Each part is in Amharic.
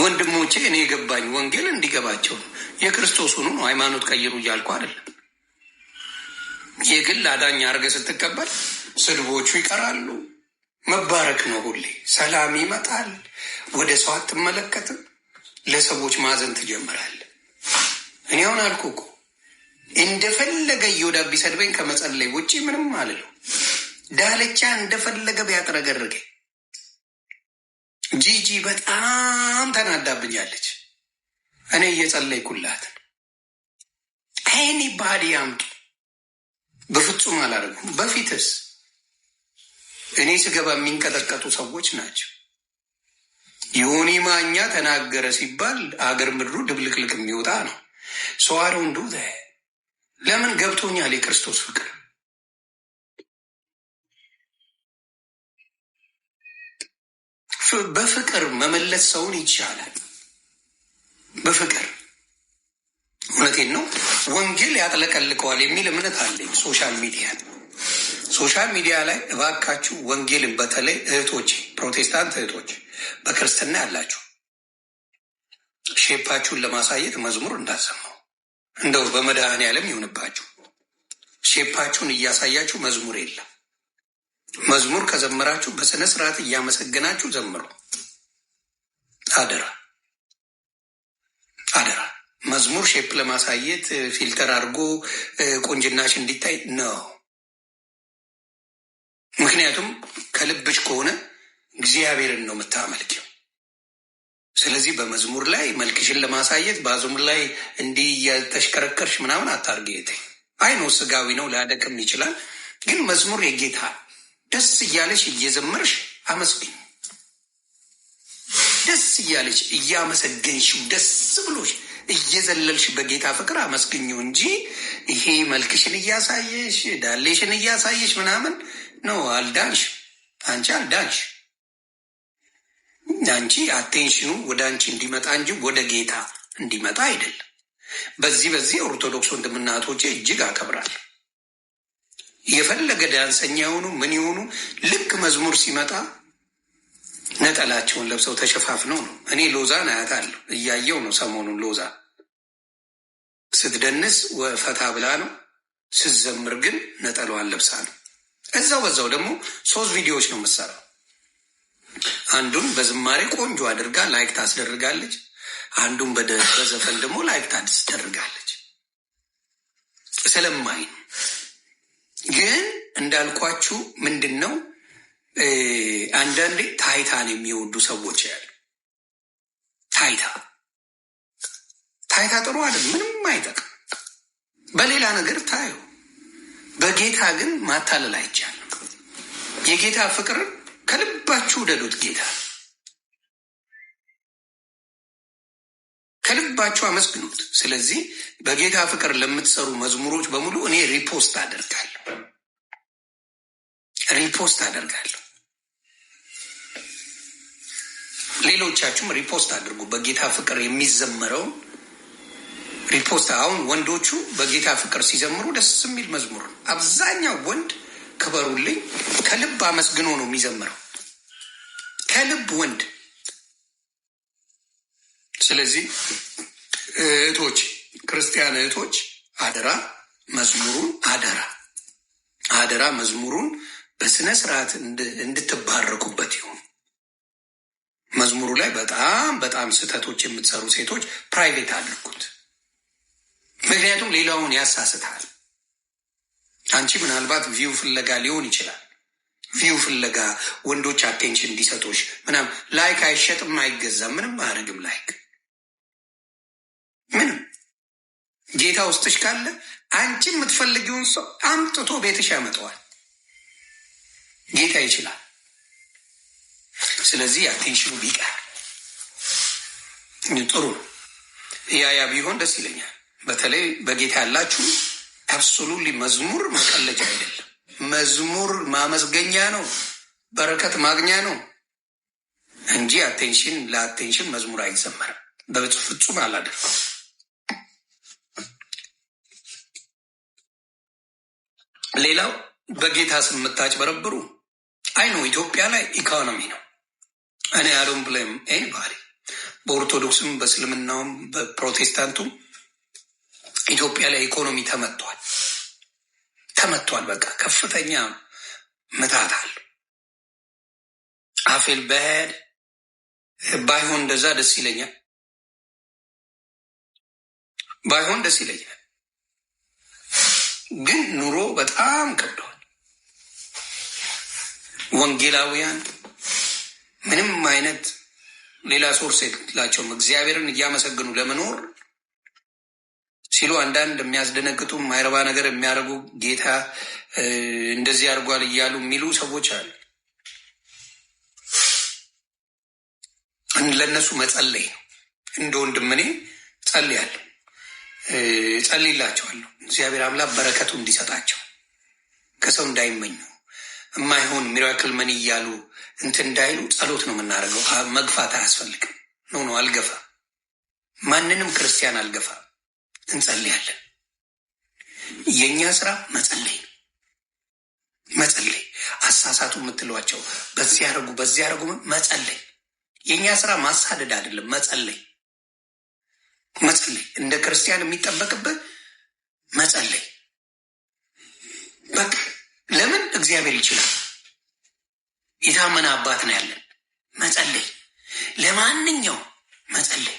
ወንድሞቼ እኔ የገባኝ ወንጌል እንዲገባቸው የክርስቶስኑ ነው። ሃይማኖት ቀይሩ እያልኩ አይደለም። የግል አዳኝ አድርገህ ስትቀበል ስድቦቹ ይቀራሉ። መባረክ ነው። ሁሌ ሰላም ይመጣል። ወደ ሰው አትመለከትም። ለሰዎች ማዘን ትጀምራል እኔ አሁን አልኩ እኮ እንደፈለገ እየወዳ ቢሰድበኝ ከመጸለይ ውጭ ምንም አልለው። ዳለቻ እንደፈለገ ቢያጥረገርገኝ ጂጂ በጣም ተናዳብኛለች። እኔ እየጸለይኩላት አይኒ ባዲ አምጡ። በፍጹም አላደርጉም። በፊትስ እኔ ስገባ የሚንቀጠቀጡ ሰዎች ናቸው። ዮኒ ማኛ ተናገረ ሲባል አገር ምድሩ ድብልቅልቅ የሚወጣ ነው። ሰዋረውን እንዱ ለምን ገብቶኛል የክርስቶስ ፍቅር በፍቅር መመለስ ሰውን ይቻላል። በፍቅር እውነቴን ነው። ወንጌል ያጥለቀልቀዋል የሚል እምነት አለኝ። ሶሻል ሚዲያ ሶሻል ሚዲያ ላይ እባካችሁ ወንጌል በተለይ እህቶች ፕሮቴስታንት እህቶች በክርስትና ያላችሁ ሼፓችሁን ለማሳየት መዝሙር እንዳሰማው እንደው በመድኃኔ ዓለም ይሆንባችሁ። ሼፓችሁን እያሳያችሁ መዝሙር የለም። መዝሙር ከዘመራችሁ በስነ ስርዓት እያመሰገናችሁ ዘምሩ። አደራ አደራ። መዝሙር ሼፕ ለማሳየት ፊልተር አድርጎ ቁንጅናሽ እንዲታይ ነው። ምክንያቱም ከልብሽ ከሆነ እግዚአብሔርን ነው የምታመልኪው። ስለዚህ በመዝሙር ላይ መልክሽን ለማሳየት በአዙም ላይ እንዲህ እያተሽከረከርሽ ምናምን አታርጌ። አይ ነው ስጋዊ ነው፣ ሊያደክም ይችላል። ግን መዝሙር የጌታ ደስ እያለሽ እየዘመርሽ አመስግኝ። ደስ እያለሽ እያመሰገንሽው ደስ ብሎሽ እየዘለልሽ በጌታ ፍቅር አመስግኙ እንጂ ይሄ መልክሽን እያሳየሽ ዳሌሽን እያሳየሽ ምናምን ነው። አልዳንሽ፣ አንቺ አልዳንሽ። አንቺ አቴንሽኑ ወደ አንቺ እንዲመጣ እንጂ ወደ ጌታ እንዲመጣ አይደለም። በዚህ በዚህ ኦርቶዶክስ ወንድምና እህቶቼ እጅግ አከብራለሁ። የፈለገ ዳንሰኛ የሆኑ ምን የሆኑ ልክ መዝሙር ሲመጣ ነጠላቸውን ለብሰው ተሸፋፍነው ነው። እኔ ሎዛን አያታለሁ፣ እያየው ነው ሰሞኑን። ሎዛ ስትደንስ ወፈታ ብላ ነው፣ ስትዘምር ግን ነጠላዋን ለብሳ ነው። እዛው በዛው ደግሞ ሶስት ቪዲዮዎች ነው የምትሰራው። አንዱን በዝማሬ ቆንጆ አድርጋ ላይክ ታስደርጋለች፣ አንዱን በዘፈን ደግሞ ላይክ ታስደርጋለች። ስለማይ ነው ግን እንዳልኳችሁ ምንድን ነው አንዳንዴ ታይታን የሚወዱ ሰዎች ያሉ ታይታ ታይታ ጥሩ አለ ምንም አይጠቅም። በሌላ ነገር ታዩ። በጌታ ግን ማታለል አይቻልም። የጌታ ፍቅር ከልባችሁ ውደዱት ጌታ ከልባችሁ አመስግኑት። ስለዚህ በጌታ ፍቅር ለምትሰሩ መዝሙሮች በሙሉ እኔ ሪፖስት አደርጋለሁ ሪፖስት አደርጋለሁ። ሌሎቻችሁም ሪፖስት አድርጉ። በጌታ ፍቅር የሚዘመረውን ሪፖስት። አሁን ወንዶቹ በጌታ ፍቅር ሲዘምሩ ደስ የሚል መዝሙር ነው። አብዛኛው ወንድ ክበሩልኝ ከልብ አመስግኖ ነው የሚዘምረው ከልብ ወንድ ስለዚህ እህቶች፣ ክርስቲያን እህቶች አደራ መዝሙሩን አደራ አደራ መዝሙሩን በስነ ስርዓት እንድትባረኩበት ይሁን። መዝሙሩ ላይ በጣም በጣም ስህተቶች የምትሰሩ ሴቶች ፕራይቬት አድርጉት። ምክንያቱም ሌላውን ያሳስታል። አንቺ ምናልባት ቪው ፍለጋ ሊሆን ይችላል። ቪው ፍለጋ ወንዶች አቴንሽን እንዲሰጡሽ ምናም ላይክ አይሸጥም፣ አይገዛም፣ ምንም አያደርግም ላይክ ምንም ጌታ ውስጥሽ ካለ አንቺ የምትፈልጊውን ሰው አምጥቶ ቤትሽ ያመጠዋል። ጌታ ይችላል። ስለዚህ አቴንሽኑ ቢቀር ጥሩ ነው። ቢሆን ደስ ይለኛል። በተለይ በጌታ ያላችሁ አብሶሉሊ መዝሙር መቀለጃ አይደለም። መዝሙር ማመስገኛ ነው፣ በረከት ማግኛ ነው እንጂ አቴንሽን ለአቴንሽን መዝሙር አይዘመርም። በፍጹም አላደርገው ሌላው በጌታ ስም የምታጭበረብሩ አይ ነው ኢትዮጵያ ላይ ኢኮኖሚ ነው። እኔ አዶም ብለም ኤኒባዲ በኦርቶዶክስም በእስልምናውም በፕሮቴስታንቱም ኢትዮጵያ ላይ ኢኮኖሚ ተመቷል፣ ተመቷል። በቃ ከፍተኛ ምታት አለ። አፌል በሄድ ባይሆን እንደዛ ደስ ይለኛል፣ ባይሆን ደስ ይለኛል። ግን ኑሮ በጣም ከብደዋል። ወንጌላውያን ምንም አይነት ሌላ ሶርስ የላቸውም። እግዚአብሔርን እያመሰግኑ ለመኖር ሲሉ አንዳንድ የሚያስደነግጡ ማይረባ ነገር የሚያደርጉ ጌታ እንደዚህ አድርጓል እያሉ የሚሉ ሰዎች አሉ። ለእነሱ መጸለይ ነው። እንደ ወንድም እኔ ጸልያለሁ። ጸልላቸዋለሁ። እግዚአብሔር አምላክ በረከቱ እንዲሰጣቸው ከሰው እንዳይመኙ የማይሆን ሚራክል መን እያሉ እንትን እንዳይሉ ጸሎት ነው የምናደርገው። መግፋት አያስፈልግም። ኖ ኖ አልገፋ፣ ማንንም ክርስቲያን አልገፋ። እንጸልያለን። የእኛ ስራ መጸለይ ነው። መጸለይ አሳሳቱ የምትሏቸው በዚህ ያደርጉ በዚህ ያደርጉ መጸለይ። የእኛ ስራ ማሳደድ አይደለም፣ መጸለይ መጸለይ እንደ ክርስቲያን የሚጠበቅብህ መጸለይ። በቃ ለምን እግዚአብሔር ይችላል። የታመነ አባት ነው ያለን። መጸለይ፣ ለማንኛው መጸለይ።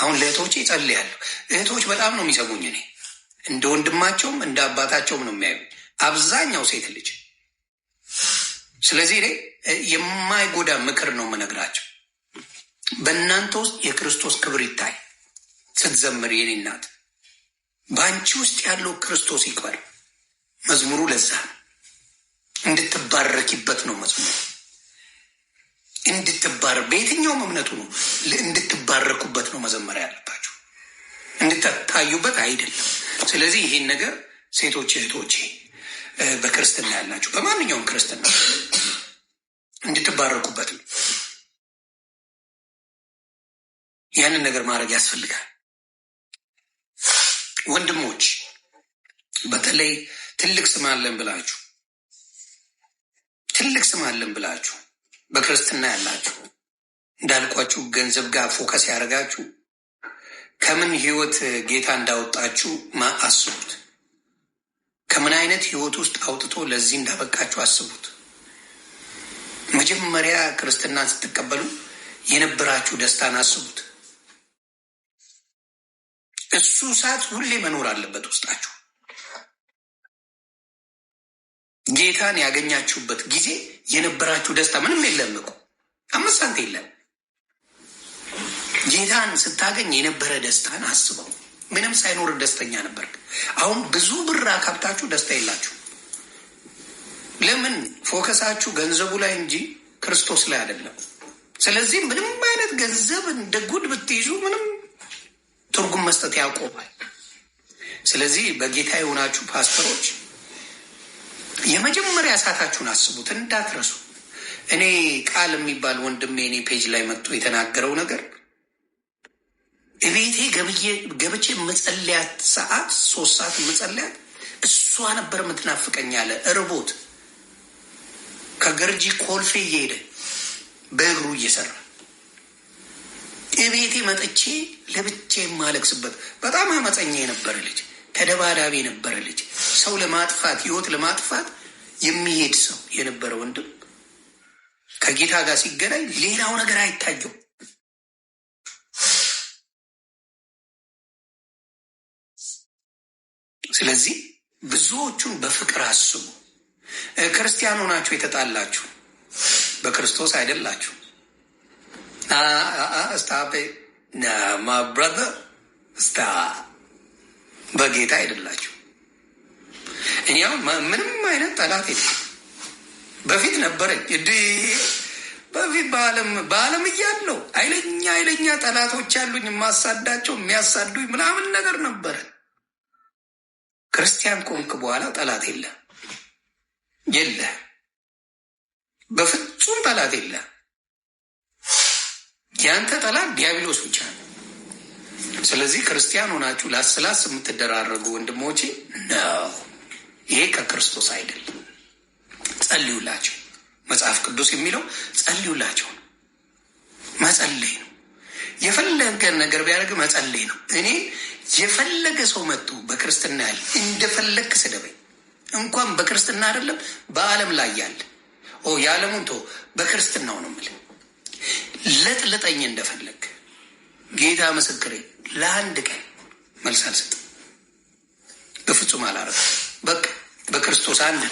አሁን ለእህቶቼ ጸልያለሁ። እህቶች በጣም ነው የሚሰጉኝ። እኔ እንደ ወንድማቸውም እንደ አባታቸውም ነው የሚያዩ አብዛኛው ሴት ልጅ። ስለዚህ የማይጎዳ ምክር ነው የምነግራቸው። በእናንተ ውስጥ የክርስቶስ ክብር ይታይ። ስትዘምር የኔ እናት በአንቺ ውስጥ ያለው ክርስቶስ ይግባል። መዝሙሩ ለዛ እንድትባረኪበት ነው። መዝሙሩ እንድትባረ በየትኛውም እምነቱ ነው እንድትባረኩበት ነው መዘመር ያለባቸው እንድታዩበት አይደለም። ስለዚህ ይሄን ነገር ሴቶች እህቶቼ፣ በክርስትና ያላችሁ በማንኛውም ክርስትና እንድትባረኩበት ነው። ያንን ነገር ማድረግ ያስፈልጋል። ወንድሞች በተለይ ትልቅ ስም አለን ብላችሁ ትልቅ ስም አለን ብላችሁ በክርስትና ያላችሁ እንዳልኳችሁ ገንዘብ ጋር ፎከስ ያደርጋችሁ ከምን ህይወት ጌታ እንዳወጣችሁ አስቡት። ከምን አይነት ህይወት ውስጥ አውጥቶ ለዚህ እንዳበቃችሁ አስቡት። መጀመሪያ ክርስትናን ስትቀበሉ የነበራችሁ ደስታን አስቡት። እሱ እሳት ሁሌ መኖር አለበት ውስጣችሁ። ጌታን ያገኛችሁበት ጊዜ የነበራችሁ ደስታ ምንም የለም እኮ አምስት ሳንት የለም። ጌታን ስታገኝ የነበረ ደስታን አስበው። ምንም ሳይኖር ደስተኛ ነበር። አሁን ብዙ ብር አካብታችሁ ደስታ የላችሁ። ለምን? ፎከሳችሁ ገንዘቡ ላይ እንጂ ክርስቶስ ላይ አይደለም። ስለዚህ ምንም አይነት ገንዘብ እንደ ጉድ ብትይዙ ምንም ትርጉም መስጠት ያቆማል። ስለዚህ በጌታ የሆናችሁ ፓስተሮች የመጀመሪያ እሳታችሁን አስቡት፣ እንዳትረሱ። እኔ ቃል የሚባል ወንድሜ እኔ ፔጅ ላይ መጥቶ የተናገረው ነገር እቤቴ ገብቼ መጸለያት ሰዓት ሶስት ሰዓት መጸለያት እሷ ነበር የምትናፍቀኝ አለ። እርቦት ከገርጂ ኮልፌ እየሄደ በእግሩ እየሰራ እቤቴ መጥቼ ለብቻ የማለቅስበት በጣም አመፀኛ የነበረ ልጅ፣ ተደባዳቢ የነበረ ልጅ፣ ሰው ለማጥፋት ህይወት ለማጥፋት የሚሄድ ሰው የነበረ ወንድም ከጌታ ጋር ሲገናኝ ሌላው ነገር አይታየው። ስለዚህ ብዙዎቹን በፍቅር አስቡ። ክርስቲያን ሆናችሁ የተጣላችሁ በክርስቶስ አይደላችሁ። Ah, ah, ah, በጌታ አይደላችሁ። እኛው ምንም አይነት ጠላት የለም። በፊት ነበረኝ እንዲህ በፊት በዓለም በዓለም እያለው አይለኛ አይለኛ ጠላቶች ያሉኝ የማሳዳቸው የሚያሳዱኝ ምናምን ነገር ነበረ። ክርስቲያን ከሆንክ በኋላ ጠላት የለ የለ፣ በፍጹም ጠላት የለ። ያንተ ጠላት ዲያብሎስ ብቻ ነው። ስለዚህ ክርስቲያን ሆናችሁ ላስ የምትደራረጉ ወንድሞቼ ነው። ይሄ ከክርስቶስ አይደለም። ጸልዩላቸው። መጽሐፍ ቅዱስ የሚለው ጸልዩላቸው ነው፣ መጸለይ ነው። የፈለገ ነገር ቢያደርግ መጸለይ ነው። እኔ የፈለገ ሰው መጥቶ በክርስትና ያለ እንደፈለግ ስደበኝ እንኳን በክርስትና አይደለም በዓለም ላይ ያለ ኦ የዓለሙን ቶ በክርስትናው ነው የምልህ ለጥልጠኝ እንደፈለግ ጌታ ምስክሬ፣ ለአንድ ቀን መልስ አልሰጥም። በፍጹም አላረፍ። በቃ በክርስቶስ አንድ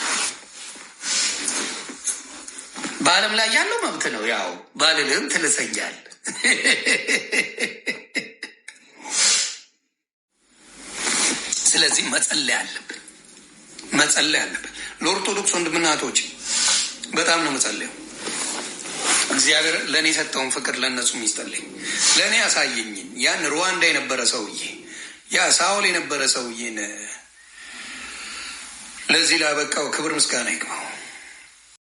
በዓለም ላይ ያለው መብት ነው። ያው ባልልም ትልሰኛል። ስለዚህ መጸለይ አለብን፣ መጸለይ አለብን። ለኦርቶዶክስ ወንድምናቶች በጣም ነው መጸለየው። እግዚአብሔር ለእኔ የሰጠውን ፍቅር ለእነሱ ይስጠልኝ። ለእኔ ያሳየኝን ያን ሩዋንዳ የነበረ ሰውዬ ያ ሳውል የነበረ ሰውዬን ለዚህ ላበቃው ክብር ምስጋና ይግባው።